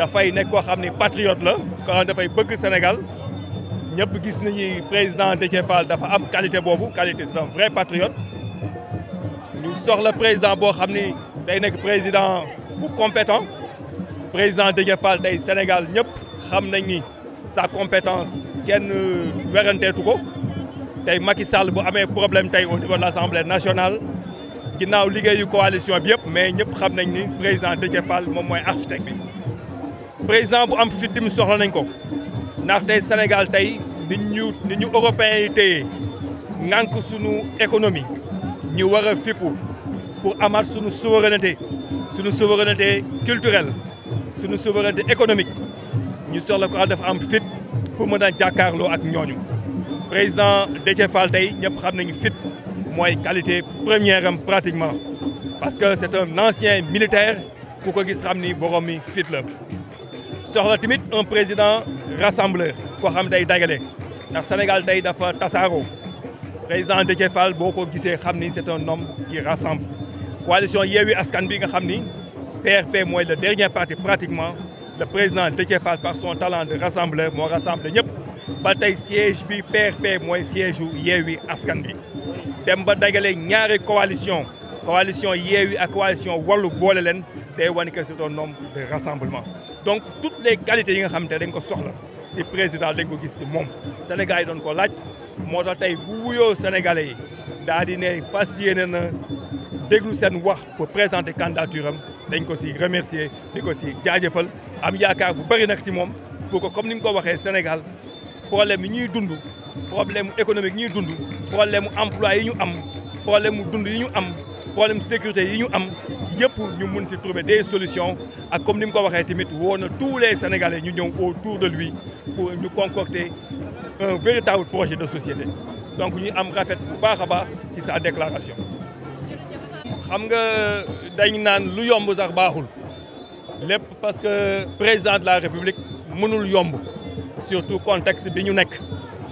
dafay nekk koo patriote là, patriote la koo xam dafay bëgg Sénégal ñëpp gis nañu président Déthié Fall dafa am qualité boobu qualité c'est un vrai patriote sort le président boo xam ni day président bu compétent président Déthié Fall tey Sénégal ñëpp xam nañ ni sa compétence kenn weranteetu ko tey Macky Sall bu amee problème tey au niveau de l'Assemblée nationale ginnaaw liggéeyu coalition bi yëpp mais ñëpp pas nañ ni président Déthié Fall moom mooy architecte bi président bu am fit tamit soxla nañ ko ndax tay Sénégal tay ni ñu ni ñu européens yi téye suñu économie ñu war a fippu pour amaat suñu souveraineté suñu souveraineté culturelle suñu souveraineté économique ñu soxla ko dafa am fit pour mën a jàkkaarloo ak ñooñu président Déthié Fall tey ñëpp xam nañu fit mooy qualité première pratiquement parce que c'est un ancien militaire ku ko gis xam ni borom mi fit la soxla tamit un président rassembleur ko xam day dagalé ndax Sénégal day dafa tasaaroo président Déthié Fall boo ko c'est un homme qui rassemble coalition yewi Askan bi nga xam ni PRP moy le dernier parti pratiquement le président de Kefal, par son talent de rassembleur mo rassemble ñep ba tay siège bi PRP moy siège yewi Askan bi dem ba dagalé ñaari coalition coalition yewi ak coalition walu boole len day wane que c'est un homme de rassemblement donc toutes les qualités yi nga xam ne dañ ko soxla si président dañ ko gis si moom Sénégal yi doon ko laaj moo tax tey bu wuyoo sénégalais yi daal di ne fas na déglu seen wax pour présenter candidature am dañ ko si remercier di ko si jaajëfal am yaakaar bu bëri nag si moom pour que comme ni nga ko waxee Sénégal problème yi ñuy dund problème économique ñuy dund problème emploi yi ñu am problème mu dund yi ñu am problème sécurité yi ñu am yëpp ñu mun si trouver des solutions ak comme ni mu ko waxee tamit woo tous les sénégalais ñu ñëw autour de lui pour ñu concocter un véritable projet de société donc ñu am rafet bu baax a baax ci sa déclaration. xam nga dañ naan lu yomb sax baaxul lépp parce que président de la république mënul yomb surtout contexte bi ñu nekk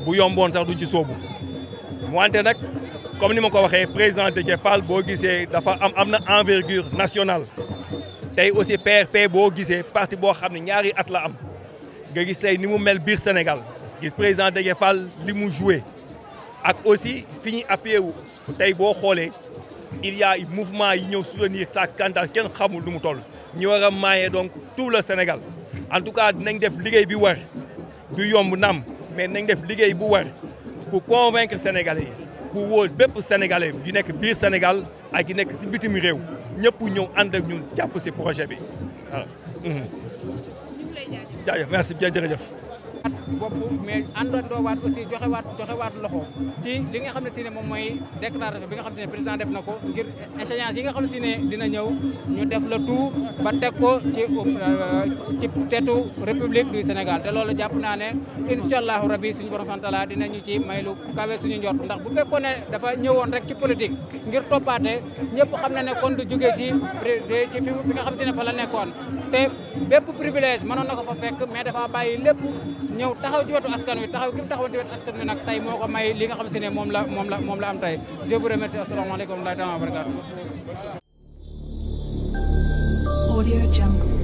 bu yomboon sax du ci soobu wante nag comme ni ma ko waxee président Déthié Fall boo gisee dafa am envergure nationale il aussi PRP boo gisee parti boo xam ñaari at la am nga gis tey ni mu mel biir Sénégal gis président Déthié Fall li mu joué ak aussi fi ñuy appuyé wu il y a mouvement yi nous soutenir sa candidature kenn xamul lu mu toll ñu war a donc tout le Sénégal en tout cas dinañ def liggéey bi war du yomb nam mais nañ def liggéey bu war pour convaincre Sénégalais bu woo bépp sénégalais yu nekk biir Sénégal ak yu nekk si bitim réew ñëpp ñëw ànd ak ñun jàpp si projet bi waaw. Mhm. jaajëf merci bien jërëjëf. bopp mais àndandoo waat aussi joxe waat joxe waat loxo ci li nga xam ne si ne moom mooy déclaration bi nga xam ne président def na ko ngir échéance yi nga xam ne ne dina ñëw ñu def la tout ba teg ko ci ci tetu république du Sénégal te loolu jàpp naa ne incha allahu rabi suñu borom santala dinañu ci may lu kawe suñu njort ndax bu fekkoon ne dafa ñëwoon rek ci politique ngir toppaate ñëpp xam na ne kon du jógee ci ci fi nga xam ne fa la nekkoon te bépp privilège mënoon na ko fa fekk mais dafa bàyyi taxaw ci wetu askan wi taxaw kim taxaw ci wetu askan wi nak tay moko may li nga xam sene mom la mom la mom la am tay je vous remercie assalamu alaykum wa rahmatullahi wa barakatuh Audio Jungle.